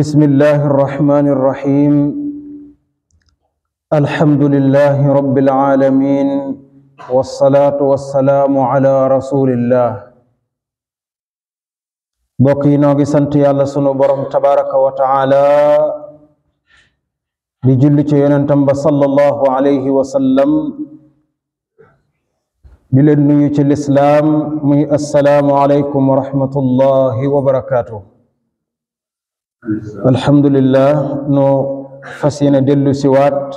بسم الله الرحمن الرحيم الحمد لله رب العالمين والصلاة والسلام على رسول الله بقينا بسنت يالا سنو برم تبارك وتعالى بجل ينتم صلى الله عليه وسلم بلن نيو الإسلام مي السلام عليكم ورحمة الله وبركاته alhamdulillah no fas yéene dellu waat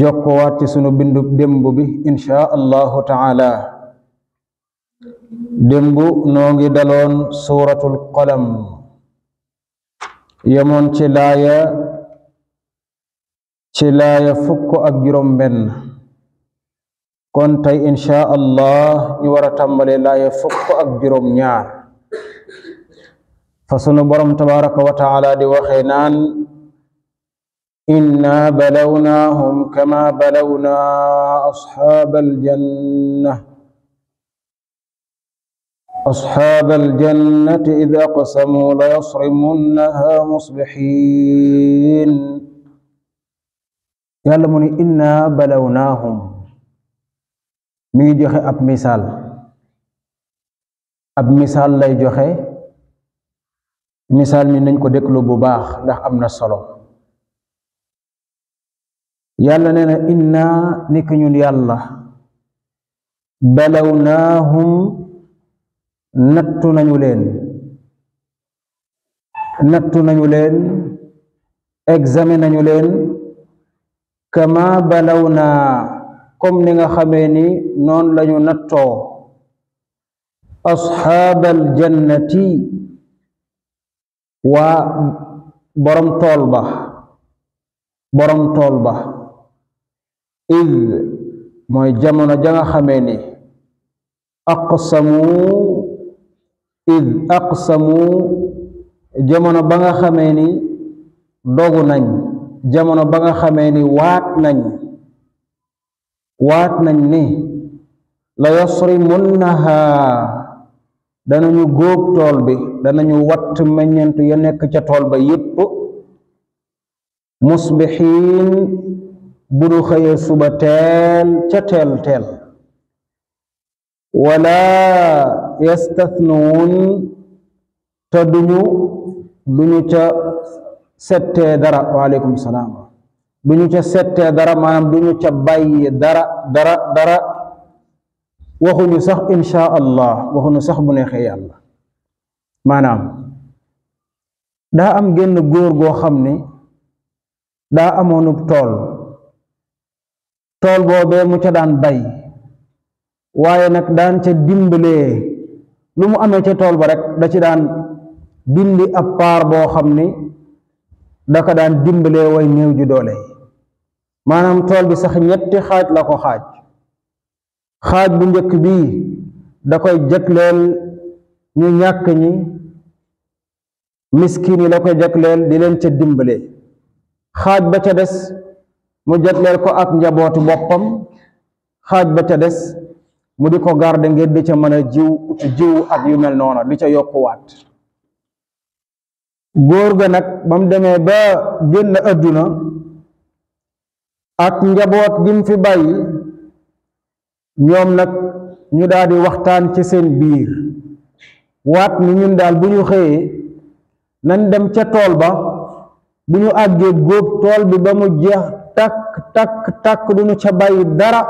jokko waat ci sunu bindu démb bi insha taala démb noo ngi daloon suuratul qalam yemoon ci laaya ci laaya fukk ak juróom benn kon tey insha allah ñu war laaya fukk ak juróom ñaar fa sunu borom tabaraka wa taala di waxee naan inna balawnaahum kama balawnaa asxaaba aljanna asxaaba aljannati id aqsamuu la yasrimunnaha musbixiin yàlla mu ni inna balawnaahum mi ngi joxe ab misaal ab misaal lay joxe misaal mi nañ ko déglu bu baax ndax am na solo yàlla nee na inna nekk ñun yàlla balawnaahum nattu nañu leen nattu nañu leen examen nañu leen kama balawnaa comme ni nga xamee ni noon lañu nattoo asxaabal jannati waa borom tool ba borom tool ba id mooy jamono ja nga xamee ni aqsamu id aqsamu jamono ba nga xamee ni dogu nañ jamono ba nga xamee ni waat nañ waat nañ ni la yasrimunnaha danañu góob tool bi danañu watt meññentu ya nekk ca tool ba yépp musbixiin bu nu xëyee suba teel ca teel teel wala yastathnuun te duñu ñu ca settee dara waaleykum salaam duñu ca settee dara maanaam duñu ca bàyyi dara dara dara waxuñu sax insha allah waxuñu sax bu neexee yàlla maanaam daa am genn góor goo xam ne daa amoonub tool tool boobee mu ca daan bay waaye nag daan ca dimbalee lu mu amee ca tool ba rek da ci daan dindi ab paar boo xam ne da ko daan dimbalee way néew ji doole maanaam tool bi sax ñetti xaaj la ko xaaj xaaj bu njëkk bi da koy jagleel ñu ñàkk ñi miskin yi la koy jagleel di leen ca dimbale xaaj ba ca des mu jagleel ko ak njabootu boppam xaaj ba ca des mu di ko garde ngir di ca mën a jiw uti jiw ak yu mel noona di ca yokkuwaat góor ga nag ba mu demee ba génn àdduna ak njaboot gi mu fi bàyyi ñoom nag ñu daal waxtaan ci seen biir waat ni ñun daal bu ñu xëyee nañ dem ca tool ba bu ñu àggee góob tool bi ba mu jeex takk takk takk duñu ca bàyyi dara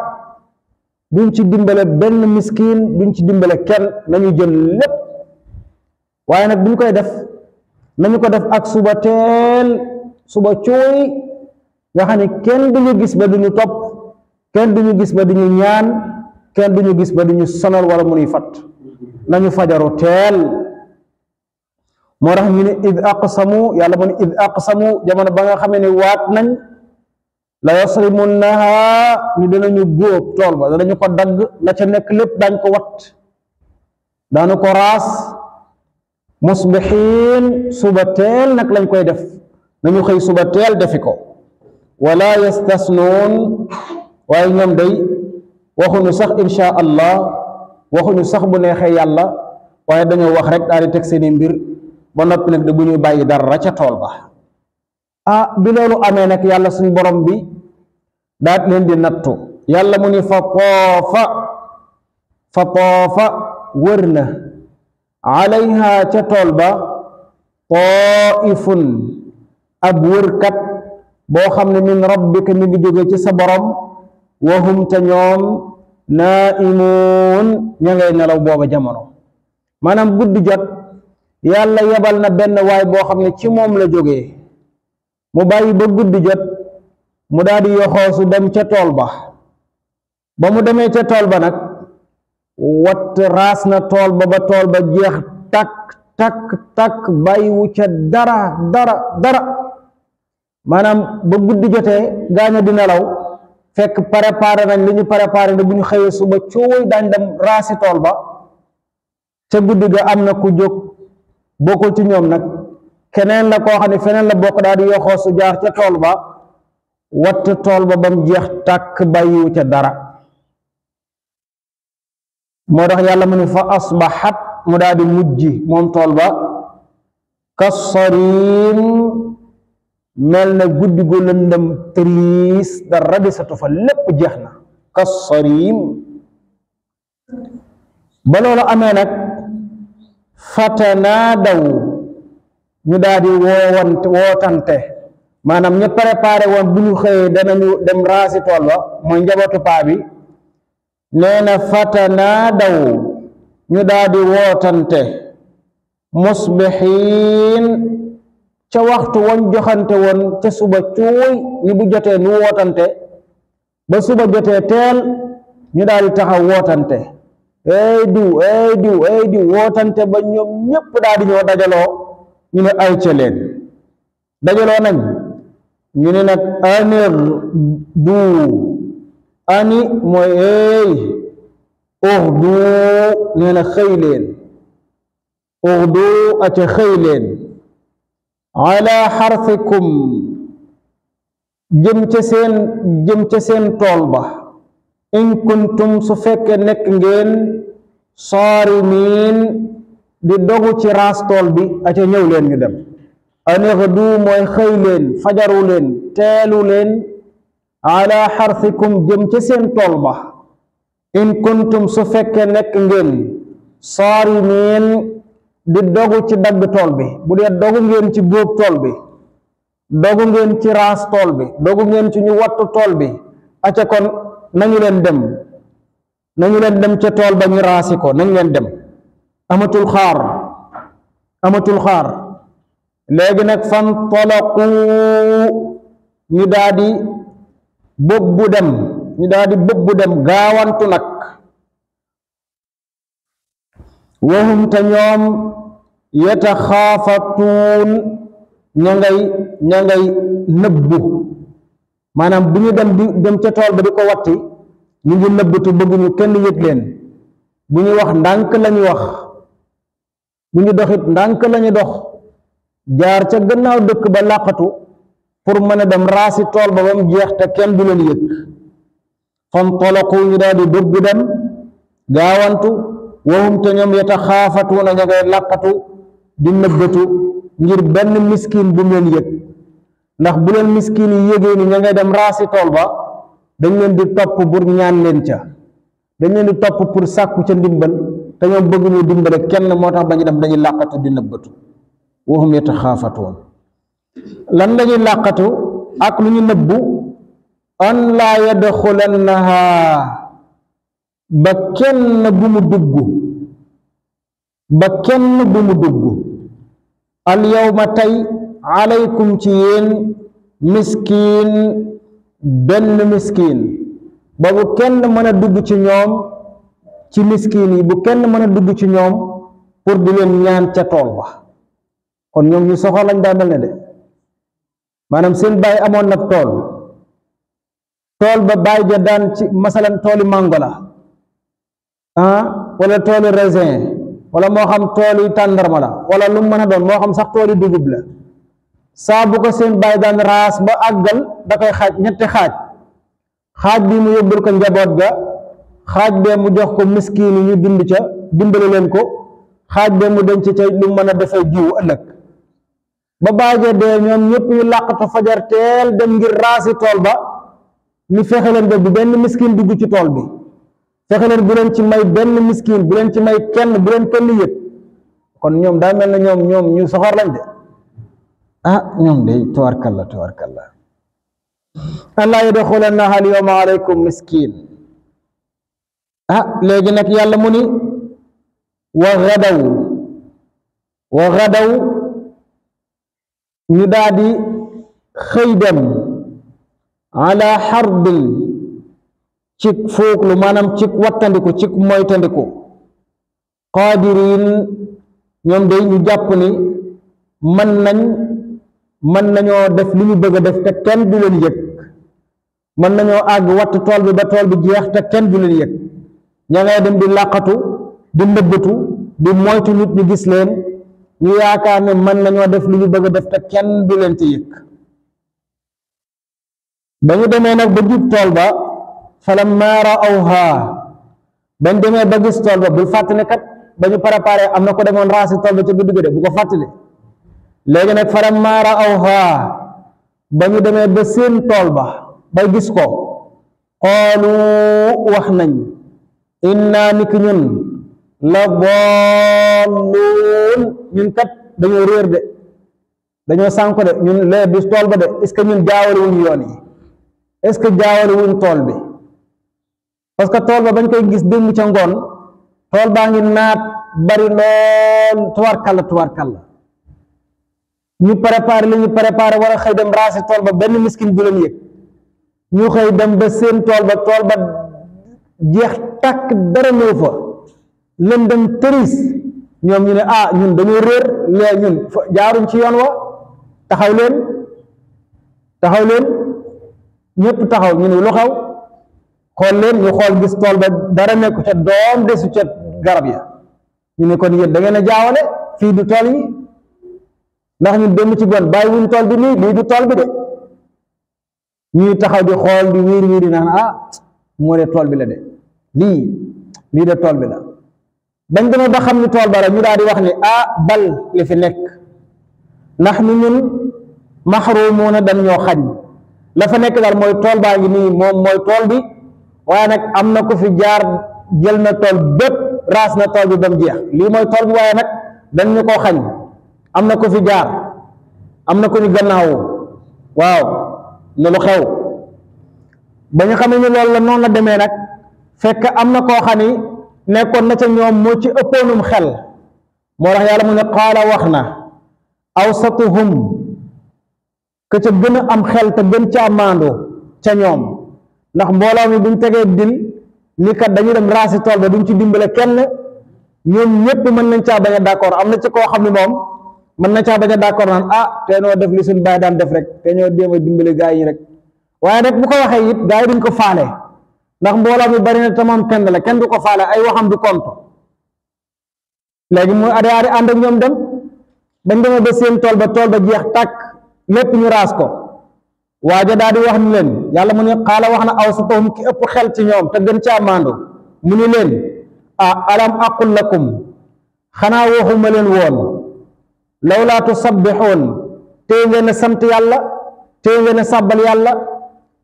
duñ ci dimbale benn miskin duñ ci dimbale kenn nañu jël lépp waaye nag buñ koy def nañu ko def ak suba teel suba cooy nga xam ne kenn duñu gis ba duñu topp kenn duñu gis ba duñu ñaan kenn duñu gis ba duñu sonal wala munuy fat nañu fajaru teel moo tax ñu ne id aqsamu yàlla mu ne id aqsamu jamono ba nga xamee ne waat nañ la yasrimunnaha ñu danañu góob tool ba danañu ko dagg la ca nekk lépp daañ ko wat daanu ko raas musbixiin suba teel nag lañ koy def nañu xëy suba teel defi ko wala yastasnoon waaye ñoom day waxuñu sax insha waxuñu sax bu neexee yàlla waaye dañoo wax rek daal di teg seeni mbir ba noppi nag de bu ñuy bàyyi dara ca tool ba ah bi loolu amee nag yàlla suñu borom bi daat leen di nattu yàlla mu ni fa toofa fa toofa wër na alayha ca tool ba taifun ab wërkat boo xam ne min rabbika mi ngi jóge ci sa borom wahum te ñoom naaimuun ña ngay nelaw booba jamono maanaam guddi jot yàlla yebal na benn waay boo xam ne ci moom la jóge mu bàyyi ba guddi jot mu daal di yoxoosu dem ca tool ba ba mu demee ca tool ba nag watt raas na tool ba ba tool ba jeex takk takk takk bàyyiwu ca dara dara dara maanaam ba guddi jotee gaaña di nelaw fekk préparé nañ li ñu préparé ne bu ñu xëyee suba cooy daañ dem raasi tool ba ca guddi ga am na ku jóg boo ko ci ñoom nag keneen la koo xam ne feneen la bokk daal di yoxoo su jaar ca tool ba watt tool ba bam jeex tàkk bàyyiwu ca dara moo tax yàlla mu ne fa asbaxat mu daal di mujji moom tool ba kasariim mel na guddi gu lëndëm tris dara desatu fa lépp jeex na kassariim ba amee nag fatanaa daw ñu daal di woowante maanaam ñu préparé woon bu ñu xëyee danañu dem raasi tool ba mooy njabootu paa bi nee na fatanaa daw ñu daal di wootante ca waxtu woon joxante woon ca suba cuuy ni bu jotee nu wootante ba suba jotee teel ñu daal di taxaw wootante ey diw ey diw ey diw wootante ba ñoom ñépp daal ñoo dajaloo ñu ne ay ca leen dajaloo nañ ñu ne nag anir du ani mooy ey urdu nee na xëy leen urdu aca xëy leen ala xarfikum jëm ca seen jëm ca seen tool ba in kuntum su fekke nekk ngeen saarimiin di dogu ci raas tool bi aca ñëw leen ñu dem aneex du mooy xëy leen fajaru leen teelu leen ala xarfikum jëm ca seen tool ba in kuntum su fekkee nekk ngeen saarimiin di dogu ci dagg tool bi bu dee dogu ngeen ci góob tool bi dogu ngeen ci raas tool bi dogu ngeen ci ñu wattu tool bi aca kon nañu leen dem nañu leen dem ca tool ba ñu raasi ko nañu leen dem amatul xaar amatul xaar léegi nag fan tolaqu ñu daa di bëb bu dem ñu daa bu dem gaawantu nag waxum te ñoom yataxaafatuun ña ngay ña ngay nëbbu maanaam bu ñu dem di dem ca tool ba di ko watti ñu ngi nëbbatu bëgguñu kenn yëg leen bu ñu wax ndànk lañu wax bu ñu doxit ndànk lañu dox jaar ca gannaaw dëkk ba làqatu pour mën a dem raasi tool ba ba mu jeex te kenn du leen yëg fantalaqu ñu daal di dëgg dem gaawantu wahum te ñoom yataxaafatuuna ña ngay làqatu di nëbbatu ngir benn miskin bu mu leen yëg ndax bu leen miskin yi yëgee ni ña ngay dem raasi tool ba dañ leen di topp pour ñaan leen ca dañ leen di topp pour sàkku ca ndimbal te ñoom bëgg ñu dimbale kenn moo tax ba ñu dem dañuy làqatu di nëbbatu wahum yataxaafatoon lan lañuy làqatu ak lu ñu nëbbu an laa yadxulannaha ba kenn bu mu dugg ba kenn bu mu dugg al yawma tey aleykum ci yéen miskiin benn miskiin ba bu kenn mën a dugg ci ñoom ci miskiin yi bu kenn mën dugg ci ñoom pour di leen ñaan ca tool ba kon ñoom ñu soxla lañ daa mel de maanaam seen baay amoon nag tool tool ba baay ja daan ci masalan tooli màngo la ah wala tooli resin wala moo xam tool tàndarma la wala lu mën a doon moo xam sax tool yi dugub la saa bu seen bàyyi daan raas ba àggal da koy xaaj ñetti xaaj xaaj bi mu yóbbul ko njaboot ga xaaj bee mu jox ko miskiin yi ñu dund ca dimbale leen ko xaaj bee mu denc ca lu mën a defee jiw ëllëg ba bàyyi dee ñoom ñëpp ñu làqatu fajar teel dem ngir raasi tool ba ñu fexe leen ba bu benn miskiin dugg ci tool bi fexe leen bu ci may benn miskin bu ci may kenn bu leen kon ñoom daa mel na ñoom ñoom ñu soxor lañ de ah ñoom de tawarkalla tawarkalla an laa yadxulannaha al yawma alaykum miskin ah léegi nag yàlla mu ni wa xadaw wa xadaw ñu daadi xëy dem ala cik fuuklu maanaam cik wattandiku cik moytandiku qaadiriin ñoom day ñu jàpp ni man nañ mën nañoo def li ñu bëgg a def te kenn du leen yëg mën nañoo àgg watt tool bi ba bi jeex te kenn du leen yëg ña ngay dem di làqatu di nëbbatu di moytu nit ñu gis leen ñu yaakaar ne mën nañoo def li ñu bëgg def te kenn du leen ci yëg ba ñu demee nag ba jub tool ba falammaa ra'awhaa bañ demee ba gis tool ba bul fàttali kat ba ñu am na ko demoon raasi tool ba ca guddi de bu ko fàttali léegi nag falammaa ra'awhaa ba ñu demee ba seen tool ba ba gis ko xoolu wax nañ inna nit ñun la bolluun ñun kat dañoo réer de dañoo sànko de ñun leer du tool ba de est ce que ñun jaawale wuñ yoon yi est ce que jaawale wuñ tool bi parce que tool ba bañ koy gis démb ca ngoon tool baa ngi naat bari lool tuwarkalla tuwarkalla ñu préparé li ñu préparé war a xëy dem raasi tool ba benn miskin bu leen yëg ñu xëy dem ba seen tool ba tool ba jeex takk dara néew leen dem tëris ñoom ñu ne ah ñun dañoo réer lee ñun jaaruñ ci yoon wa taxaw leen ñépp leen ñëpp taxaw ñu ne lu xew xool leen ñu xool gis tool ba dara nekku ca doom desu ca garab ya ñu ne kon yéen da ngeen a jaawale fii du tool yi ndax ne dem ci gon bàyyi wuñ tool bi nii lii du tool bi de ñuy taxaw di xool di wiir wiiri naan ah tool bi la de lii lii de tool bi la bañ ba xam ni tool ba la ñu daal di wax ni ah bal la fi nekk ndax nu ñun maxruumuuna dañ ñoo xañ la fa nekk daal mooy tool baa ngi nii moom mooy tool bi waaye nag am na ko fi jaar jël na tool bët raas na tool bi ba mu jeex lii mooy tool bi waaye nag dañ koo xañ am na ko fi jaar am na ku ñu gannaawu waaw ne lu xew ba ñu xamee ni loolu la noonu la demee nag fekk am na koo xam ni nekkoon na ca ñoom moo ci ëppoonum xel moo rax yàlla mu ne qaala wax na awsatuhum ka ca gën a am xel te gën ca ca ñoom ndax mbooloo mi ñu tegee din ni kat dañuy dem raasi tool ba duñ ci dimbale kenn ñoom ñëpp mën nañ caa bañ a d'accord am na ci koo xam ne moom mën na caa bañ a d'accord naan ah te noo def li suñ bàyyi daan def rek te ñoo déem gaa yi rek waaye nag bu ko waxee it gaa ko faale ndax mbooloo mi bari na te moom kenn la kenn du ko faale ay waxam du compte léegi mu ade ade ànd ak ñoom dem bañ demee ba seen tool ba tool ba jeex tàkk lépp ñu raas ko waaja daal di wax ni leen yàlla mu ne xaala wax na aw satahum ki ëpp xel ci ñoom te gën caa maandu mu ni leen a alam aqul lakum xanaa waxuma leen woon lawlaa tusabbixoon tee ngeen sant yàlla tee ngeen sàbbal yàlla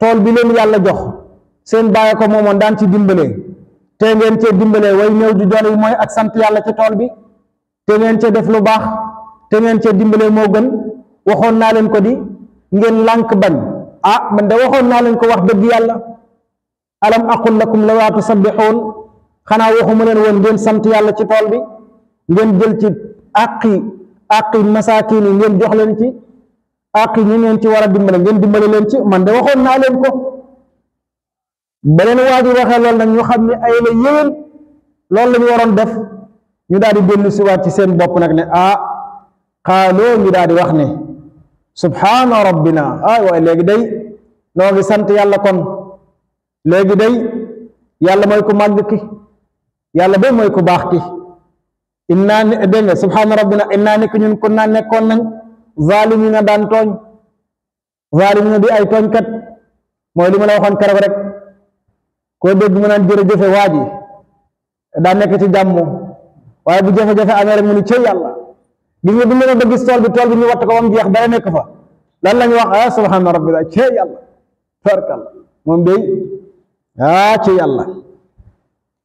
tool bi leen yàlla jox seen bàyyi ko moomoon daan ci dimbale tee ngeen cee dimbale way néew ju doole yi mooy ak sant yàlla ci tool bi te ngeen cee def lu baax te ngeen cee dimbale moo gën waxoon naa leen ko di ngeen lànk bañ ah man de waxoon naa leen ko wax dëgg yàlla alam aqul lakum lawaa tusabbixuun xanaa waxuma leen woon ngeen sant yàlla ci tool bi ngeen jël ci àqi àqi masaakin yi ngeen jox leen ci àqi ñu ngeen ci war a dimbale ngeen dimbale leen ci man de waxoon naa leen ko ba leen waa waxee loolu nag ñu xam ne ay la yéwén loolu la ñu waroon def ñu daal di dellu siwaat ci seen bopp nag ne ah xaaloo ñu daal di wax ne subhaana rabbina ay waaye léegi day noo sant yàlla kon léegi day yàlla mooy ku màgg ki yàlla ba mooy ku baax ki innaa ni dégg nga subhaana rabbina innaa ni ki ñun kun naa nekkoon nañ zaalimina daan tooñ zaalimina di ay tooñkat mooy li ma la waxoon keroog rek koo dégg mu naan jërëjëfe waa ji daa nekk ci jàmm waaye bu jafe-jafe amee rek mu ni cëy yàlla gis nga bu ñu gis tool bi tool bi ñu watt ko ba mu jeex dara nekk fa lan la ñu wax ah subhaana rabbil ah cee yàlla tabarkalla moom day ah cee yàlla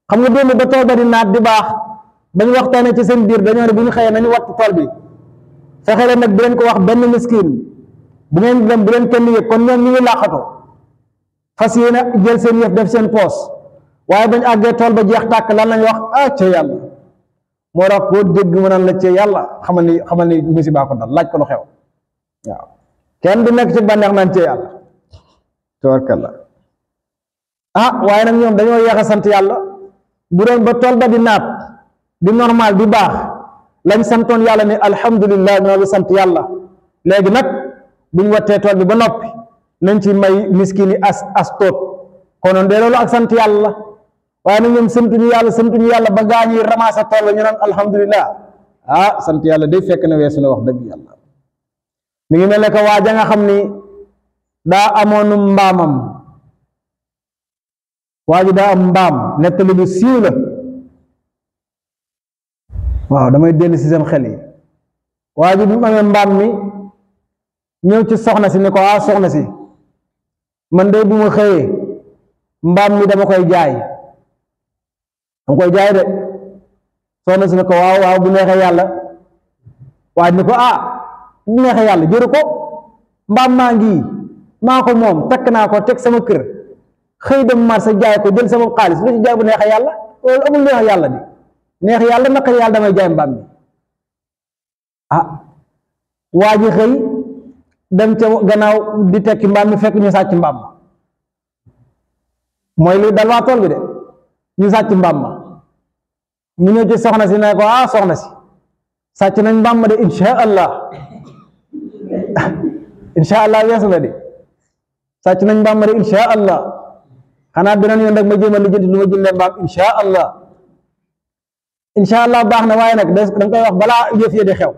xam nga démb ba tool di naat di baax ba ñu waxtaanee ci seen biir dañoo ne bu ñu xëyee nañu watt tool bi fexe leen nag bu leen ko wax benn miskin bu ngeen dem bu leen kenn yëg kon ñoom ñu ngi làqatoo fas yéene jël seen def seen poos waaye bañ àggee tool jeex tàkk lan lañ wax ah cee yàlla. moo tax koo dégg mu naan la ci yàlla xamal ni xamal ni musiba ko dal laaj ko lu xew waaw kenn du nekk ci bànneex naan ci yàlla tabarkalla ah waaye nag ñoom dañoo yéex a sant yàlla bu doon ba tool ba di naat di normal di baax lañ santoon yàlla ni alhamdulillah ñoo ngi sant yàlla léegi nag buñ wattee tool bi ba noppi nañ ci may miskin yi as as toot konoon dee loolu ak sant yàlla waa nag ñoom santuñu yàlla santuñu yàlla ba gaa ñuy ramassé toll ñu naan alhamdulilah ah sant yàlla day fekk na weesu na wax dëgg yàlla mi ngi mel ne que waa nga xam ni daa amoon mbaamam waa ji daa am mbaam nettali bu siiw la waaw damay dellu si seen xel yi waa ji bi mu amee mbaam mi ñëw ci soxna si ne ko ah soxna si man de bu ma xëyee mbaam mi dama koy jaay. danga koy jaay de soxna si ne ko waaw waaw bu neexee yàlla waaj ne ko ah bu neexee yàlla jëru ko mbaam maa ngi maa ko moom takk naa ko teg sama kër xëy dem marché jaay ko jël sama xaalis lu ci jaay bu neexee yàlla loolu amul neexee yàlla bi neexee yàlla naka yàlla damay jaay mbaam mi ah waa ji xëy dem ca gannaaw di tekki mbaam mi fekk ñu sàcc mbaam mooy lu dal waa tool bi de ñu sàcc mbaam ma ñu ci soxna si ne ko ah soxna si sàcc nañ mbaam ma de incha allah incha allah weesu na de sàcc nañ mbaam ma de incha allah xanaa beneen yoon ma jéem a lijjanti nu ma jëndee mbaam incha allah incha baax na waaye nag da nga koy wax balaa yëf yi di xew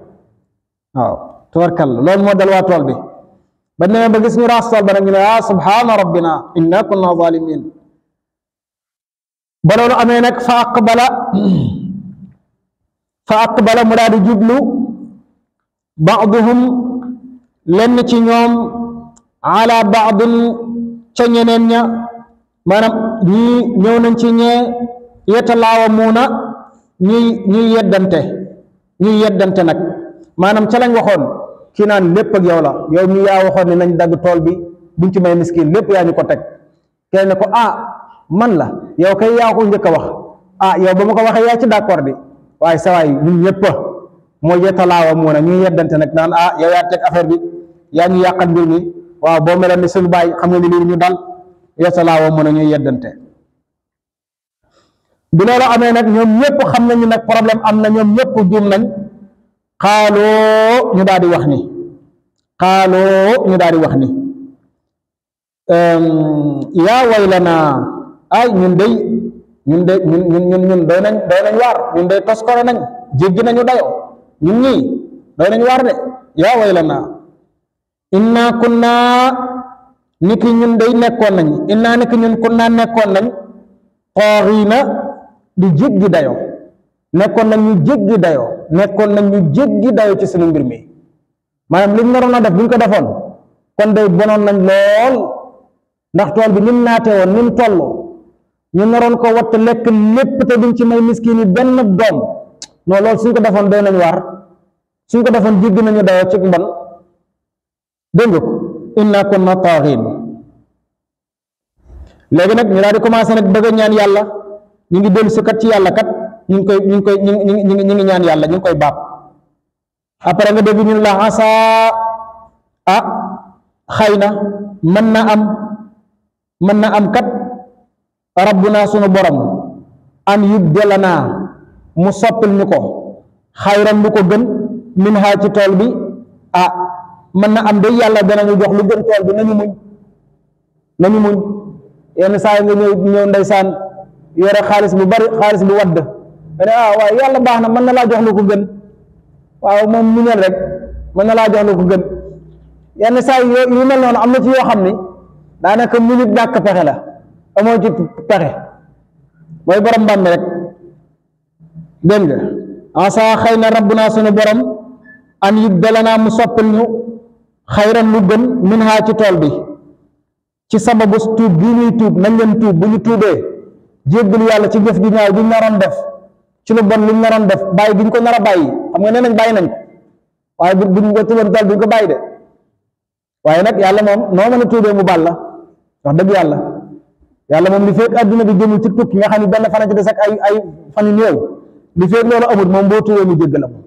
waaw tabarkalla loolu moo dal waa tool bi ba demee ba gis ñu raas tool ba nag ñu ne ah subhaana rabbina inna kunna zalimin ba amee nag fa aqbala fa aqbala mu daal di jublu baaduhum lenn ci ñoom ala baadin ca ña maanaam ñii ñëw nañ ci ñee yetalaawa muuna ñuy ñuy yeddante ñuy yeddante nag maanaam ca lañ waxoon kii naan lépp ak yow la yow mi yaa waxoon ne nañ dagg tool bi buñ ci may miskin lépp yaa ñu ko teg kenn ko ah man la yow kay yaa ko wax ah yow ba ma ko waxee yaa ci d'accord bi waaye sa waay ñun ñëpp moo yettalaawa moo ne ñu yeddante nag naan ah yow yaa teg affaire bi yaa ñu yàqal mbir mi waaw boo meloon ni suñu bàyyi xam nga ñu dal yettalaawa moo ne ñu yeddante bi amee nag ñoom ñëpp xam nañu nag problème am na ñoom ñépp juum nañ xaaloo ñu daal di wax ni xaaloo ñu daal di wax ni yaa waylanaa ay ñun day ñun de ñun ñun ñun ñun doy nañ doy nañ waar ñun de toskore nañ jéggi nañu dayoo ñun ñii doy nañ waar de yaa waylanaa inna naa niki ñun day nekkoon nañ inna niki ñun kunna nekkoon nañ xooxiina di jéggi dayo nekkoon nañ ñu jéggi dayoo nekkoon nañ ñu jéggi dayoo ci suñu mbir mi maanaam liñ naroon a def buñ ko defoon kon day bonoon nañ lool ndax tool bi nim naate woon nim tollu ñu naroon ko watt lekk lépp te duñ ci may miskin yi benn doom non loolu suñ ko defoon doy nañ waar suñ ko defoon jéggi nañu dayoo ci mbon dégg nga ko inna kunna taaxiin léegi nag ñu daal di commencé nag bëgg ñaan yàlla ñu ngi dellu si kat ci yàlla kat ñu ngi koy ñu ngi koy ñu ngi ñu ngi ñaan yàlla ñu ngi koy baab après nga dégg ñun la asa ah xëy na mën na am mën na am kat. rabbuna sunu borom an yubdilanaa mu soppil ñu ko xayran bu ko gën min ha ci tool bi ah mën na am day yàlla danañu jox lu gën tool bi nañu muñ nañu muñ yenn saa yi nga ñëw ñëw ndeysaan yore xaalis bu bari xaalis bu wadd nga ne ah, yàlla baax na mën na laa jox lu ko gën waaw moom muñal rek mën na laa jox lu ko gën yenn saa yi yu mel noonu am na ci yoo xam ni daanaka muñu ñàkk pexe la amoo ci mooy borom mbaam mi rek dégg nga asa xëy na rabbuna sunu borom an yubdalanaa mu soppal ñu xayran lu gën min haa ci tool bi ci sababu tuub bii ñuy tuub nañ leen tuub bu ñu tuubee jéggalu yàlla ci jëf ju ñaaw bi ñu def ci lu bon lu ñu def bàyyi gi ñu ko nar a bàyyi xam nga ne nañ bàyyi nañ ko waaye bu bu ñu ko tuuboon bi ko bàyyi de waaye nag yàlla moom noo mën a tuubee mu baal la wax dëgg yàlla. yàlla moom li feeg àdduna bi jëmul ci tukki nga xam ne benn fan ci des ak ay ay fan yu néew li feeg loolu amul moom boo tuwee mu jéggal la moom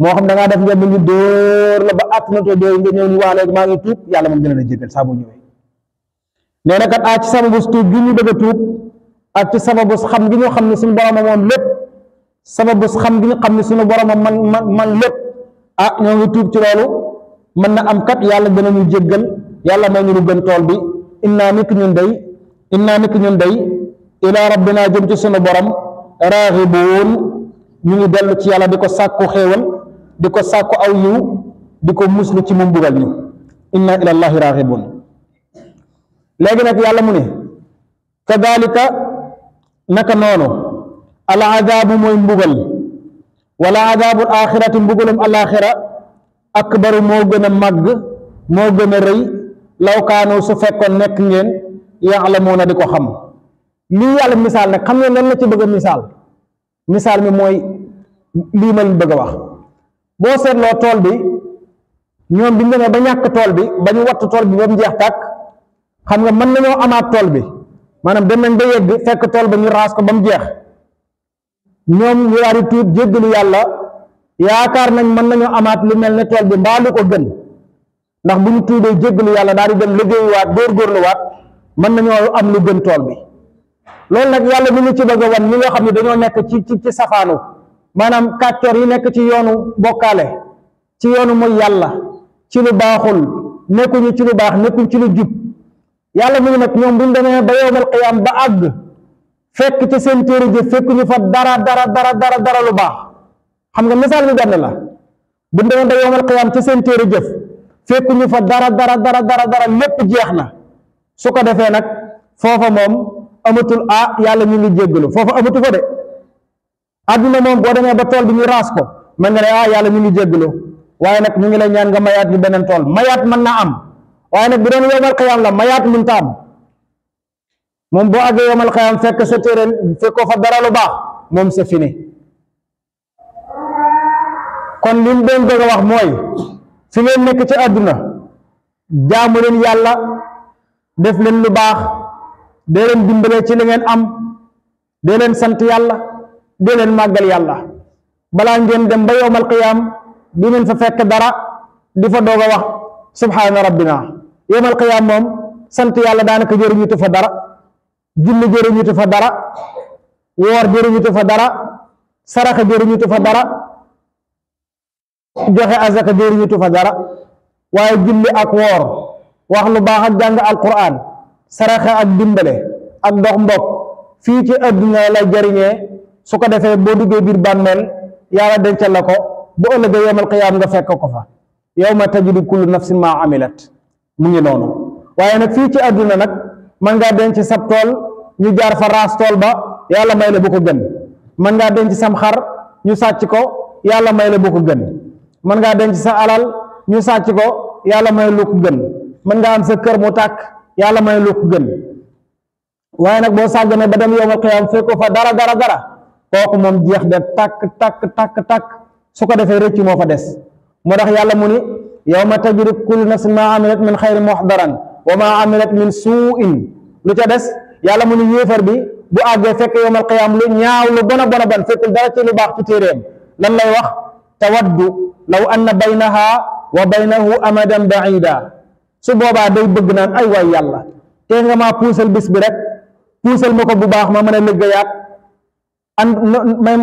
moo xam da ngaa def nga mu ngi dóor la ba at na te dee nga ñëw ni waa léegi maa ngi tuub yàlla moom dina saa boo ñëwee nee na kat ah ci sababus tuub gi ñu bëgg a tuub ak ci xam gi ñu xam ne suñu boromam moom lépp sababus xam gi xam ne suñu boromam man man man lépp ah ñoo ngi tuub ci loolu mën na am kat yàlla dina ñu jéggal yàlla may ñu lu gën tool bi innaa nekk ñun day inna nit ñun day ilaa rabbina jëm ci sunu borom raaxibuun ñu ngi dellu ci yàlla di ko sàkku xéewal di ko sàkku aw yiw di ko muslu ci mu mbugal ni inna ilallahi raaxibuun léegi nag yàlla mu ne kadalika naka noonu al adaabu mooy mbugal wala adaabul axirati mbugalum alaxira akbaru moo gën a màgg moo gën a rëy law kaanu su fekkoon nekk ngeen moo na di ko xam lii yàlla misaal nag xam nga lan la ci bëgg misaal misaal mi mooy lii ma leen bëgg a wax boo seetloo tool bi ñoom bi ñu demee ba ñàkk tool bi ba ñu wattu tool bi ba mu jeex tàkk xam nga mën nañoo amaat tool bi maanaam dem nañ ba yegg fekk tool ba raas ko ba jeex ñoom ñu daal di tuub jéggalu yàlla yaakaar nañ mën nañoo amaat lu mel ni tool bi mbaa lu ko gën ndax bu ñu tuubee jéggalu yàlla daal di dem liggéeyuwaat góorgóorluwaat mën nañoo am lu gën tool bi loolu nag yàlla mi ngi ci bëgg a wan ñi nga xam ne dañoo nekk ci ci ci safaanu maanaam kàccoor yi nekk ci yoonu bokkaale ci yoonu mooy yàlla ci lu baaxul nekkuñu ci lu baax nekkuñ ci lu jub yàlla mi ngi nag ñoom buñ demee ba yowmal qiyaam ba àgg fekk ca seen téere ji fekk ñu fa dara dara dara dara dara lu baax xam nga misaal bi benn la buñ demee ba yowmal qiyaam ca seen téere jëf fekk ñu dara dara dara dara dara lépp jeex na su ko defee nag foofa moom amatul ah yàlla ñu ngi jéggalu foofa amatu fa de àdduna moom boo demee ba tool bi ñu raas ko mën nga ne ah yàlla ñu ngi jéggalu waaye nag ñu ngi lay ñaan nga mayaat ñu beneen tool mayaat man naa am waaye nag bu doon yowmal xayaam la mayaat mënta am moom boo àggee yowmal xayaam fekk sa téere fekkoo fa dara lu baax moom c'est fini kon li mu doon a wax mooy fi ngeen nekk ci àdduna jaamu yàlla def leen lu baax dee leen dimbale ci li ngeen am dee leen sant yàlla dee leen màggal yàlla balaa ngeen dem ba yowmal qiyaam di ngeen fa fekk dara di fa doog a wax subhaana rabbina yowmal qiyaam moom sant yàlla daanaka jëriñitu fa dara julli jëriñitu fa dara woor jëriñitu fa dara saraxa jëriñitu fa dara joxe azaka jëriñitu fa dara waaye julli ak woor wax lu baax ak jàng alquran saraxe ak dimbale ak dox mbokk fii ci adduna lay jariñee su ko defee boo duggee biir bàmmeel yàlla dencal la ko bu ëllëgee yowmal qiyaam nga fekk ko fa yow yowma tajidu kullu si ma amilat mu ngi noonu waaye nag fii ci adduna nag man ngaa denc sab tool ñu jaar fa raas tool ba yàlla may la bu ko gën man ngaa denc sam xar ñu sàcc ko yàlla may la bu ko gën man ngaa denc sa alal ñu sàcc ko yàlla may lu ko gën mën nga am sa kër mu tàkk yàlla may lu ko gën waaye nag boo sàgganee ba dem yowmal qiyaam fekko fa dara dara dara kooku moom jeex de tàkk tàkk tàkk tàkk su ko defee rëcc moo fa des moo dax yàlla mu ni yawma tajri kullu nafsin maa amilat min xayrin muxdaran wa maa amilat min suu'in lu ca des yàlla mu ni bi bu àggee fekk yowmal qiyaam lu ñaaw lu bon a bon a bon fekkul dara ci lu baax ci téeréem lan lay wax tawaddu law anna baynaha wa baynahu amadan baida su boobaa day bëgg naan ay waay yàlla tee nga maa puusal bis bi rek puusal ma ko bu baax ma mën a liggéeyaat and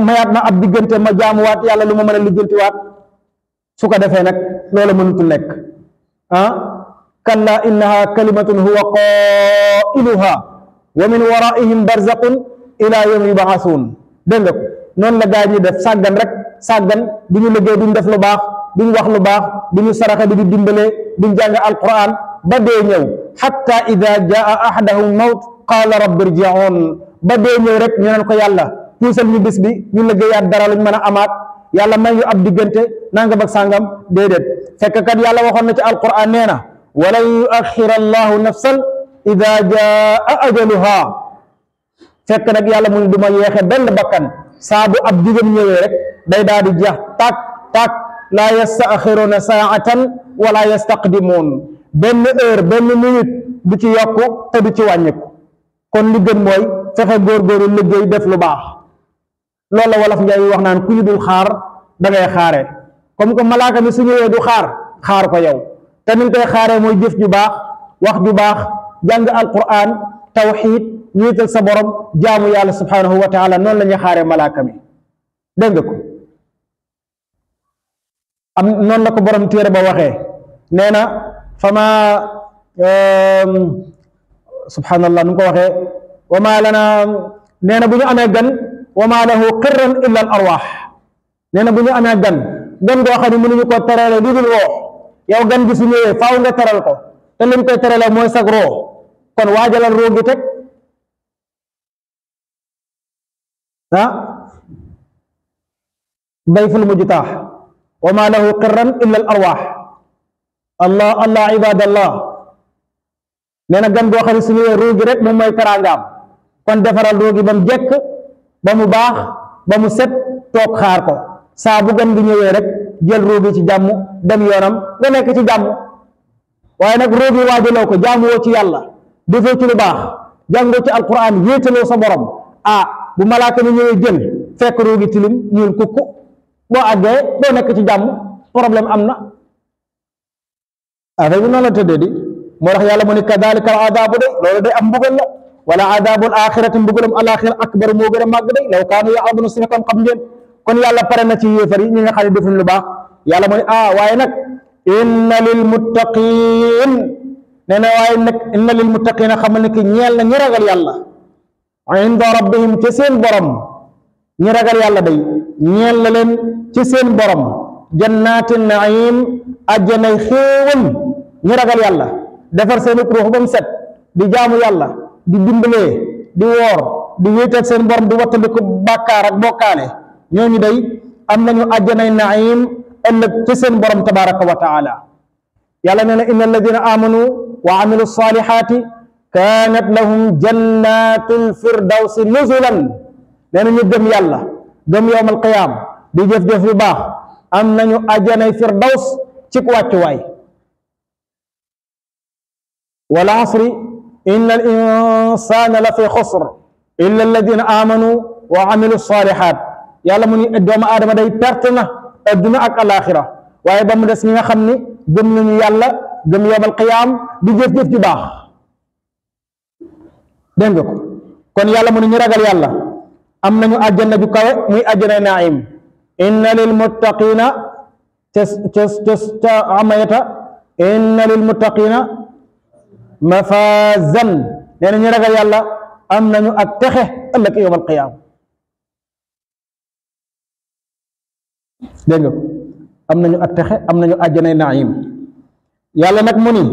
mayaat ma ab diggante ma jaamuwaat yàlla lu ma mën a lijjantiwaat su ko defee nag loola mënutul nekk ah kalla innaha kalimatun huwa qailuha wa min waraihim barzaqun ila yawmi yubaasuun dégg nga ko noonu la gaa ñu def sàggan rek sàggan du ñu liggéey duñ def lu baax duñ wax lu baax duñu saraka di dimbale duñ jàng alquran ba dee ñëw xatta ida jaa ahadahum mawt qaala rabbi rji'un ba dee ñëw rek ñu naan ko yàlla puusal ñu bis bi ñu liggéeyaat dara luñ mën a amaat yàlla may ñu ab diggante nangam ak sàngam déedéet fekk kat yàlla waxoon na ci alquran nee na walan yuaxira allahu nafsan ida jaa ajaluha fekk nag yàlla mu ne du ma yeexe benn bakkan saa ab digam ñëwee rek day daal di jeex tàkk tàkk laa yastaaxiruuna saatan wala yastaqdimuun benn heure benn minute bu ci yokku te du ci wàññiku kon li gën mooy fexe góorgóorlu liggéey def lu baax loolu la wolof njaay wax naan ku ñu dul xaar da xaare comme que malaaka mi su ñëwee du xaar xaar ko yow te ni koy xaaree mooy jëf ju baax wax ju baax jàng alquran tawxiid wéetal sa borom jaamu yàlla subhanahu wa taala noonu la ñuy xaaree malaaka mi dégg nga ko am noonu la ko borom téere ba waxee nee na fa ma subhanallah nu ko waxee wa ma lana nee bu ñu amee gan wa ma lahu qirran illa al arwaax na bu ñu amee gan gan goo xam ne mënuñu ko terale lu dul roox yow gan gi su ñëwee faaw nga teral ko te liñ koy terale mooy sag roox kon waajalal roox gi teg ah ful mujj وما له قرا illa al arwaax allah allah ibadallah nee na gan goo xam ne su ñëwee ruu rek moom mooy teraangaam kon defaral ruu gi ba mu jekk ba mu baax ba mu set toog xaar ko saa bu gan gi ñëwee rek jël ruu ci jàmm dem yoonam nga nekk ci jàmm waaye nag ruu gi waajaloo ko jaamuwoo ci yàlla defoo ci lu baax jàngoo ci alquran yéetaloo sa borom ah bu malaaka mi ñëwee jël fekk ruu tilim ñuul kukku boo àggee doo nekk ci jàmm problème am na a ah, bi noonu la tëddee di moo tax yàlla mu ne kadalika al adabu de loolu day am mbugal la wala adabul axirati mbugalam alaxira akbar moo gën a màgg de law kaanu yaabuna kon xam ngeen pare na ci yéefar yi ñi nga xam lu baax yàlla mu ne ah waaye nag inna lil muttaqin nee na waaye nag inna lil muttaqin a xamal ne ki ñi ragal yàlla inda rabbihim ca seen borom ñi ragal yàlla day ñeel na leen ci seen borom jannaati naim ajjanay xéewal ñu ragal yàlla defar seen ruux ba mu set di jaamu yàlla di dimbalee di woor di wéetal seen borom di wattandiku bàkkaar ak bokkaale ñooñu day am nañu ajjanay naim ëllëg ci seen borom tabaraka wa taala yàlla nee na inna alladina amanu wa amilu salihati kaanat lahum jannatul firdawsi nuzulan nee na ñu gëm yàlla gëm yowmal qiyaam di jëf-jëf yu baax am nañu ajanay firdaws ci wàccuwaay wal asri inna al insana la fi xusr illa alladina amanu wa amilu salihat yàlla mu ni doomu aadama day perte na adduna ak alaxira waaye ba des ñi nga xam ni gëm nañu yàlla gëm yowmal qiyaam di jëf-jëf ju baax dégg nga ko kon yàlla mu ni ñu ragal yàlla am nañu àjjana ju kawe muy àjjana naim inna lil muttaqina testa amayata inna lil muttaqina mafazan nee na ñu ragal yàlla am na ak texe ëllëg yowm al qiyaama dégg nga am nañu ak texe am nañu àjjana naim yàlla nag mu ni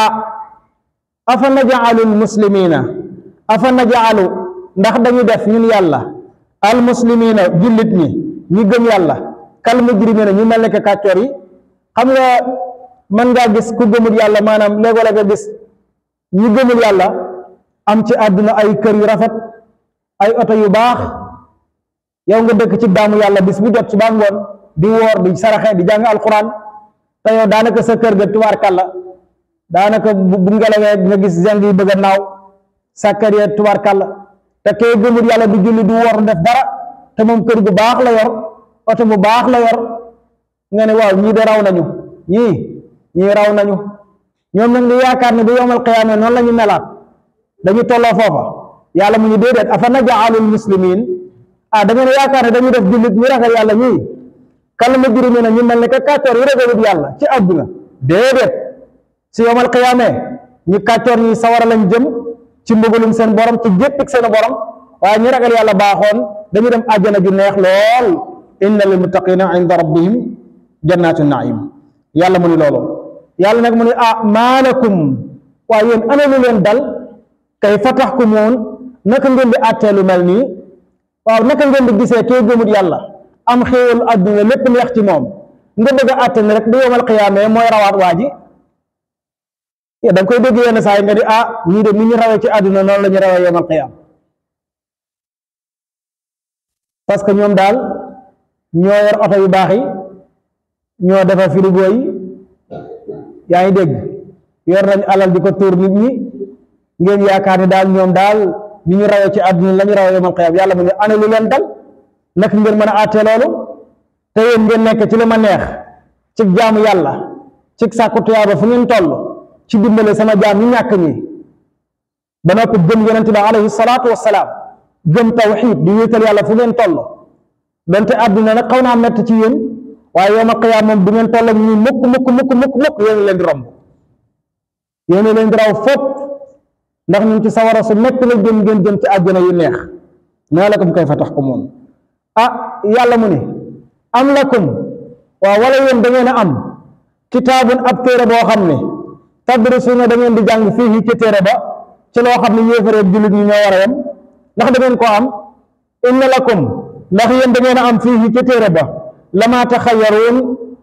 a ah, afa najaalu lmuslimina afa ndax dañu def ñun yàlla almuslimiina jullit ñi ñi gëm yàlla kal mujrimiina ñu mel ne que kàccoor yi xam nga mën ngaa gis ku gëmul yàlla maanaam léegoo la nga gis ñu gëmul yàlla am ci àdduna ay kër yu rafet ay oto yu baax yow nga dëkk ci daamu yàlla bis bu jot su ba ngoon di woor di saraxe di jàng alquran te yow daanaka sa kër ga tubaarkàlla daanaka bu ngelawee nga gis zeng yi bëgg a naaw sàkkar ya tubaarkàlla te kee gëmul yàlla du julli du wor def dara te moom kër gu baax la yor oto bu baax la yor nga ne waaw ñii de raw nañu ñii ñii raw nañu ñoom nag yaakaar ne bu yowmal qiyaama noonu la ñu melaat dañu tolloo foofa yàlla mu ñu déedéet afa najaalul muslimin ah da ngeen yaakaar ne dañu def jullit ñu ragal yàlla ñii kal mujrimina ñu mel ne que kàccoor yu ragalut yàlla ci àdduna déedéet si yowmal qiyaama ñi kàccoor ñi sawara lañ jëm ci mbugalum seen borom ci géppig seen borom waaye ñi ragal yàlla baaxoon dañu dem àjjana ju neex lool inna lil muttaqina inda rabbihim jannatu naim yàlla mu ni loolu yàlla nag mu ni ah maalakum waaye yéen ana lu leen dal kay fatax ku moon naka ngeen di àttee lu mel nii waaw naka ngeen gisee kee gëmut yàlla am xéewal adduna lépp neex ci moom nga bëgg a àtte ne rek bu yowmal mooy rawaat waa ji yow koy dégg yenn saa yi nga di ah ñii de ni ñu rawee ci àdduna noonu la ñu rawee yawmal qiyaam parce que ñoom daal ñoo yor oto yu baax yi ñoo defar frigo yi yaa ngi dégg yor nañ alal di ko tuur nit ñi ngeen yaakaar ni daal ñoom daal ni ñu rawee ci àdduna la ñu rawee yawmal qiyaam yàlla mu ne ana lu leen dal nak ngeen mën a àtte loolu te yéen ngeen nekk ci li ma neex ci jaamu yàlla ci sàkku tuyaaba fu ngeen toll ci dimbale sama jaam ñu ñàkk ñi ba noppi gëm yonente bi alayhi salaatu wasalaam gëm tawxid di wéetal yàlla fu ngeen toll donte àdduna na xaw naa mett ci yéen waa yow ma moom du ngeen toll ak ñuy mukk mukk mukk mukk mukk leen di romb yéen leen di raw fopp ndax ñun ci sawar su mett la jëm ngeen jëm ci àjjana yu neex nee lakum kayfa taxkumuun ah yàlla mu ne am lakum waaw wala yéen da ngeen a am kitaabun ab téere boo xam ne tadrisuuna da ngeen di jàng fii ci téere ba ci loo xam ne yéefar ak jullit ñi ñoo war a yem ndax da ngeen ko am inna lakum ndax yéen da ngeen a am fii ci téere ba lama taxayaruun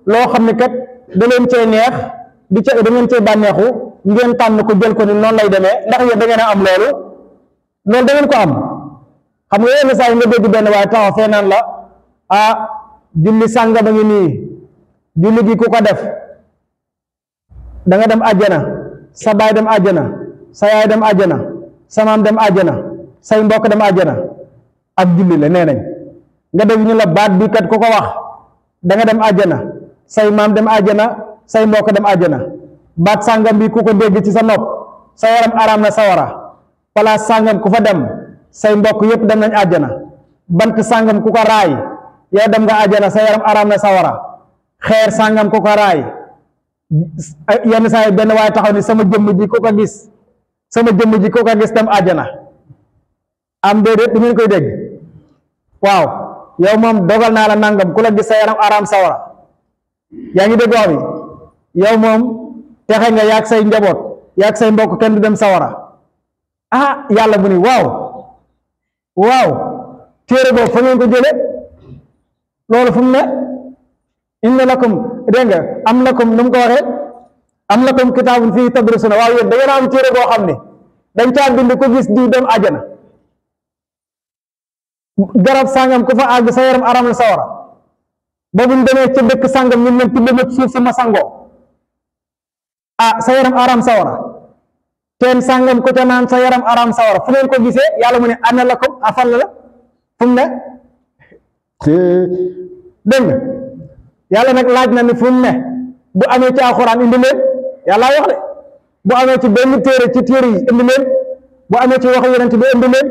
loo xam ne kat da leen cee neex di ca da ngeen cee bànneexu ngeen tànn ko jël ko ni noonu lay demee ndax yéen da ngeen am loolu loolu da ngeen ko am xam nga yenn saa yi nga dégg benn waaye taxaw fee naan la ah julli sàngam a ngi nii julli gi ku ko def da nga dem àjjana sa baay dem àjjana sa yaay dem àjjana sa maam dem àjjana say mbokk dem àjjana ab julli la nee nañ nga def ñu la baat bi kat ku ko wax da dem àjjana say maam dem àjjana say mbokk dem àjjana baat sàngam bi ku ko dégg ci sa nopp sa waram araam na sawara palaas sàngam ku fa dem say mbokk yépp dem nañ àjjana bant sàngam ku ko raay yow dem nga àjjana sa yaram araam na sawara xeer sàngam ku ko raay yenn saa yi benn waaye taxaw ni sama jëmm ji ko ko gis sama jëmm ji ko ko gis tam àjjana am déedéet du ngeen koy dégg waaw yow moom dogal naa la nangam ku la gis sa yaram araam sawara yaa ngi dégg wax bi moom texe nga yaag say njaboot yaag say mbokk kenn du dem sawara ah yàlla mu ni waaw waaw téere boobu fa ko jële loolu fu mu ne inna lakum dégg nga am lakum nu mu ko waxee am lakum kitaabun fii tadrusuna waaw yéen da ngeen am téere boo xam ne dañ caa bind ko gis di dem àjjana garab sàngam ku fa àgg sa yaram aram la sawara buñ demee ca dëkk sàngam ñu ne tudd sangoo ah sa yaram sawara teen sàngam ku ca naan sa yaram aram sawara fu ngeen ko gisee yàlla ne ana la fu yàlla nag laaj na ni fu bu amee ci alxuraan indi leen yàlla wax bu amee ci benn téere ci téere yi indi bu amee ci waxu yonent bi indi leen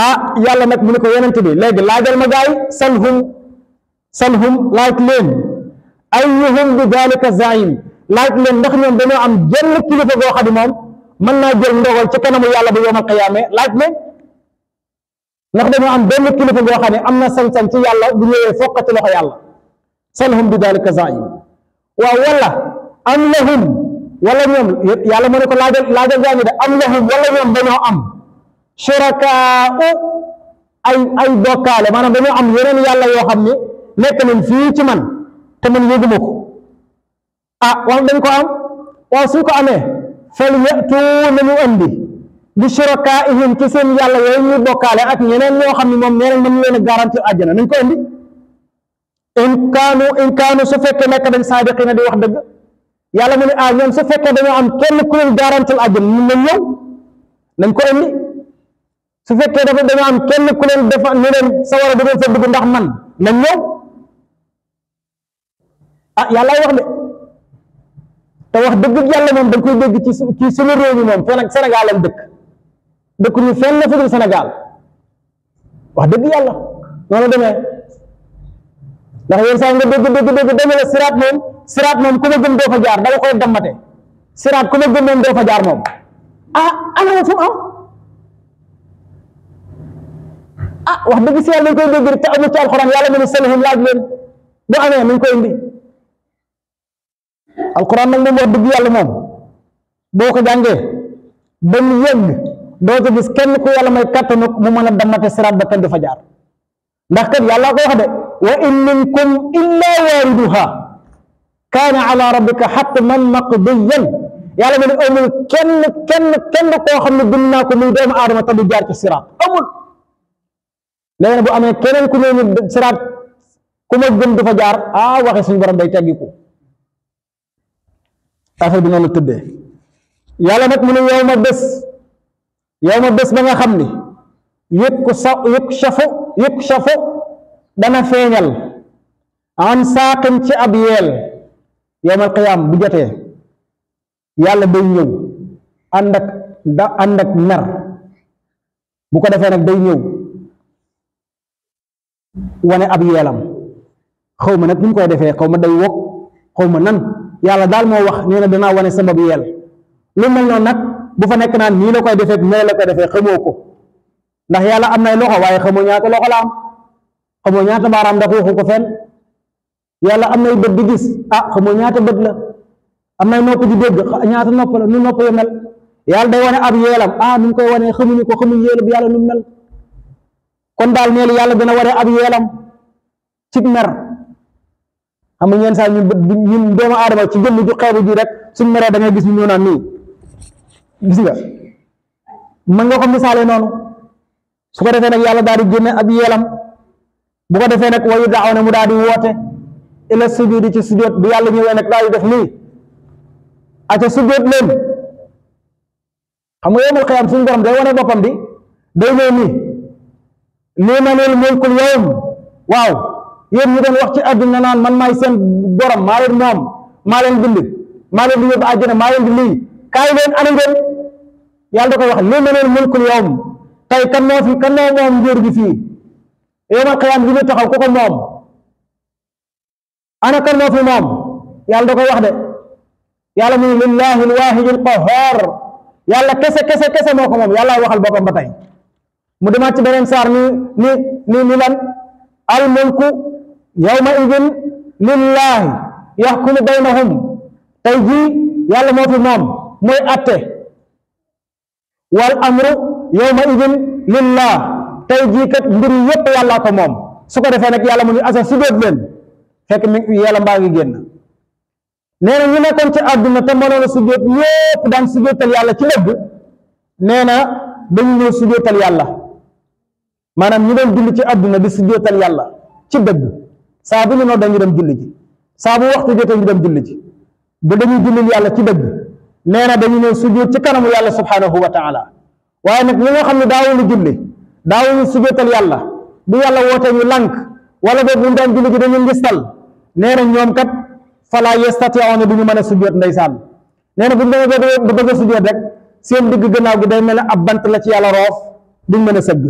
ah yàlla nag mu ne ko yonent bi léegi laajal ma gaay salhum salhum laaj leen ayyuhum bi dalika zaim laaj leen ndax ñoom dañoo am jenn kilifa goo xam ne moom mën naa jël ndogal ci kanamu yàlla bu yawmal qiyaama laaj leen ndax dañoo am benn kilifa boo xam ne am na sañ-sañ ci yàlla bu ñëwee foqati loxo yàlla salhum bi dalika zaim waaw wala am lahum wala ñoom yàlla moo ne ko laajal laajal gaa ñi de am lahum wala ñoom dañoo am shurakaa'u ay ay bokkaale maanaam dañoo am yeneen yàlla yoo xam ne nekk nañ fii ci man te man yëguma ko ah wax dañ ko am waaw suñ ko amee fal yatu nañu andi bi shurakaa'ihim ci seen yàlla yooyu ñuy bokkaale ak ñeneen ñoo xam ne moom nee nañ leen a garantir àjjana ko indi in kaanu in kaanu su fekkee nekk dañ saadiqina di wax dëgg yàlla mu ne ah ñoom su fekkee dañoo am kenn ku leen garantir àjjana mun nañ ko indi su fekkee dafa dañoo am kenn ku leen defa ne leen sawara du ndax man nañ ñëw ah yàlla wax de te dëgg yàlla moom dañ koy dégg ci ci suñu réew mi moom fii nag Sénégal lañ dëkk dëkkuñu fenn fu wax dëgg yàlla noonu demee ndax yéen saa nga dégg dégg dégg dama la siraat moom siraat moom ku ma doo fa jaar dama koy dammate siraat ku ma doo fa jaar moom ah ana ah, wax dëgg si yàlla dañ koy dégg te amul ci alxuraan yàlla mu ne salihim laaj leen bu amee mi ngi koy indi alxuraan nag moom wax dëgg yàlla moom boo ko jàngee ba mu doo ko gis kenn ku may kattanu mu mën a dammate siraat ba kenn du fa jaar ndax kat yàlla ko wax de wa in minkum illa waariduha kaana ala rabbika xatman maqdiyan yàlla mu ne amul kenn kenn kenn koo xam ne bind naa ko muy doomu aadama te du jaar ci siraat amul léegi bu amee keneen ku ñëw ñu siraat ku ma gëm du fa jaar a ah, waxe suñu borom day teggiku affaire bi noonu la tuddee yàlla nag mu ne yow yow ma bés ba nga xam ni yukk sa yukk shafu yukk shafu dana feeñal an saaqin ci ab yeel yowmal qiyaam bu jotee yàlla day ñëw ànd ak da mer bu ko defee nag day ñëw wane ab yeelam xaw ma nag ni mu koy defee xaw ma day wokk xaw ma nan yàlla daal moo wax nee na danaa wane sabab yeel lu mel noonu nag bu fa nekk naan nii la koy defee nee la koy defee xamoo ko ndax yàlla am nay loxo waaye xamoo ñaata loxo la am xamoo ñaata baaraam ndax waxu ko fenn yàlla am nay bët di gis ah xamoo ñaata bët la am nay nopp di dégg ñaata nopp la nu nopp yu mel yàlla day wane ab yeelam ah nu mu koy wanee xamuñu ko xamuñ yeelu bi yàlla nu mel kon daal neel yàlla dana wane ab yeelam ci mer xam nga ñeen saa ñun doomu aadama ci jëmm ju xeebu ji rek suñ meree da ngay gis ñu ñëw naan nii gis nga mën nga ko misaale noonu su ko defee nag yàlla daal di génne ab yeelam bu ko defee nag wayu daaw ne mu daal di woote ila sujudi ci sujud bu yàlla ñëwee nag daal di def lii aca sujud leen xam nga yowmul xiyaam suñu borom day wane boppam di day ñëw nii limanil mulkul yawm waaw yéen ñu doon wax ci àdduna naan man maay seen borom maa leen moom maa leen bind maa leen di yóbbu àjjana maa leen lii kaay leen ana ngeen yàlla da koy wax li ma leen mulkul yawm tey kan moo fi kan moo moom njër gi fii yawmal qiyaam bi ñu taxaw ku ko moom ana kan moo fi moom yàlla da koy wax de yàlla muy lillahi alwaahidi alqahaar yàlla kese kese kese moo ko moom yàlla waxal boppam ba tey mu demaat ci beneen saar ni ni ni ni lan al mulku yawma idin lillahi yaxkumu baynahum tey jii yàlla moo fi moom mooy atte wal amru yawma idin lillah tey jii kat mbir yépp yàllaa ko moom su ko defee nag yàlla mu ni asa sujjóot leen fekk mi yàlla mbaa ngi génn nee na ne nekkoon ci àdduna te mënoon a sujjóot yépp daan sujjóotal yàlla ci dëgg nee na dañu ñëw sujjóotal yàlla maanaam ñu doon julli ci àdduna di sujjóotal yàlla ci dëgg saa bu ñu noo dañu dem julli ci saa bu waxtu jotee ñu dem julli ji ba dañuy jullil yàlla ci dëgg nee na dañu ñëw sujjóot ci kanamu yàlla subhaanahu wa taala waaye nag ñi nga xam ne daawuñu julli daawuñu sujjóotal yàlla bu yàlla wootee ñu lànk wala boobu buñ daan julli gi dañu ngistal nee na ñoom kat fala yastatiuuna du ñu mën a sujjóot ndeysaan nee na buñ demee ba bëgg a sujjóot rek seen digg gannaaw gi day mel ne ab bant la ci yàlla roof duñ mën a sëgg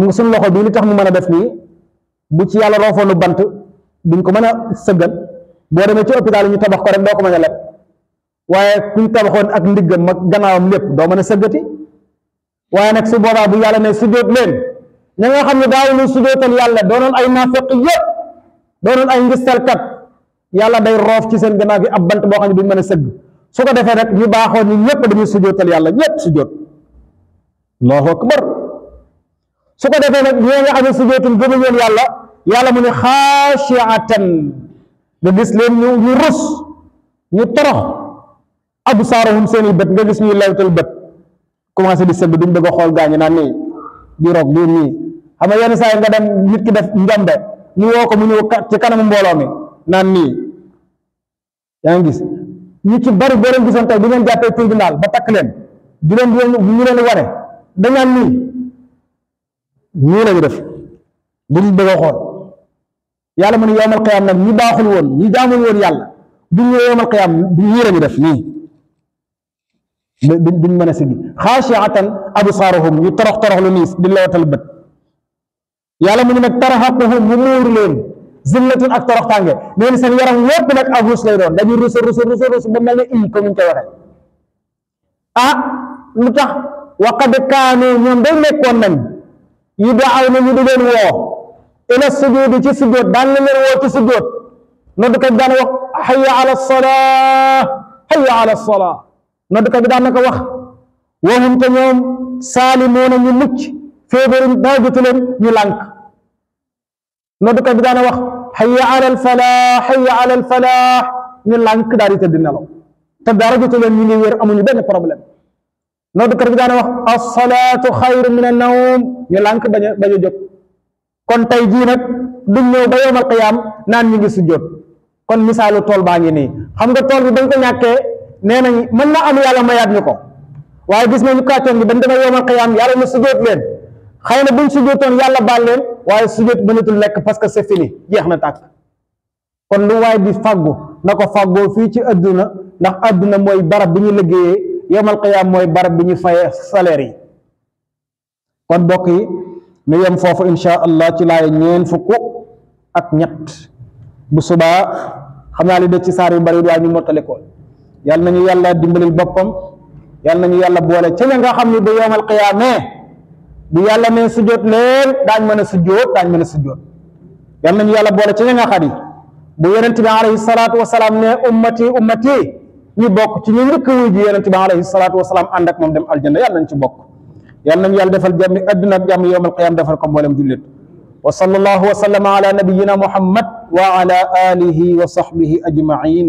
nga suñu loxo bii tax mu mën a def nii bu ci yàlla roofoonu bant duñ ko mën a sëggal boo demee ci hôpital yi ñu tabax ko rek doo ko mën a leb waaye kuñ tabaxoon ak ndiggam ak gannaawam lépp doo mën a sëggati waaye nag su boobaa bu yàlla ne sujjóot leen ña nga xam ne daawuñu sujjóotal yàlla doonoon ay naafeq yëpp doonoon ay yàlla day roof ci seen gannaaw gi ab bant boo xam ne duñ mën a sëgg su defee rek ñu baaxoon ñi ñëpp dañuy sujjóotal yàlla ñëpp sujjóot allahu akbar su ko defee nag ñoo nga xam ne sujjóotul gëmuñ woon yàlla yàlla mu ne xaashiatan nga gis leen ñu ñu rus ñu torox absaarahum seen i bët nga gis ñuy lewtal bët commencé di sëgg duñ bëgg a xool gaañu naan nii di roog di nii xam nga dem nit ki def njombe ñu woo ko mu ñëw ci kanamu mbooloo mi naan nii yaa ngi gis ñu ci bari boo leen gisoon tey di leen jàppee tribunal ba takk leen di leen di leen ñu leen wane dañaan nii ñii lañu def duñ bëgg a xool yàlla mu ne yowmal qiyaam nag ñi baaxul woon ñi jaamul woon yàlla duñ ñëw yowmal qiyaam ñii lañu def nii duñ duñ mën a sigi xaashiatan absaaruhum ñu torox torox lu niis di lewatal bët yàlla mu ne nag tarhaquhum mu muur leen zillatun ak torox tànge nee na seen yaram yépp nag ak rus lay doon dañuy rusu rusu rusu rusu ba mel ne ii comme ñu koy waxee ah lu tax wa qad kaanu ñoom day nekkoon nañ yu daaw na ñu di leen woo ila sujuudi ci sujood daan la leen woo ci sujood nodd kat daan wax hayya ala salaa hayya ala salaa noddukat bi daan na ko wax waxum te ñoom saalimoona ñu mucc feebaruñ daagatu leen ñu lànk noddukat bi daan na wax hayya ala alfalaax hayya ala alfalaax ñu lànk daal di tëdd nelaw te dara jotu leen ñu benn wér amuñu benn problème noddukat bi daan na wax alsalaatu xayru min annawm ñu lànk bañ a bañ a jóg kon tey jii nag duñ ñëw ba yowmal qiyaam naan ñu ngi sujjóot kon misaalu tool baa ngi nii xam nga tool bi bañ ko nee nañ mën na am yàlla mayaat ñu ko waaye gis nañu kàccoon bi dañ demee yowmal qiyaam yàlla na sujjóot leen xëy na buñ sujjóotoon yàlla baal leen waaye sujjóot mënatul lekk parce que c'est fini jeex na tàkk kon lu waay di fàggu na ko fàggoo fii ci adduna ndax àdduna mooy barab bi ñu liggéeyee yowmal qiyaam mooy barab bi ñu fayee salaire yi kon bokk yi nu yem foofu insha allah ci laay ñeen fukk ak ñett bu subaa xam naa li de ci saar yu bari waaye ñu mottale yàlla nañu yàlla dimbalil boppam yàlla nañu yàlla boole ci nga xam ne ba yowmal qiyaamee bu yàlla nee sujjóot leen daañ mën a sujjóot daañ mën a sujjóot yàlla nañu yàlla boole ci nga xam ne bu yonent bi alayhi salaatu wasalaam ne ummati ummati ñu bokk ci ñu njëkk wuy ji yonent bi alayhi salaatu wasalaam ànd ak moom dem aljanna yàlla nañ ci bokk yàlla nañu yàlla defal jàmmi adduna ak jàmm yowmal qiyaam defal ko mboolem jullit wa sallallahu wa sallama ala nabiyina wa ala alihi wa sahbihi ajmain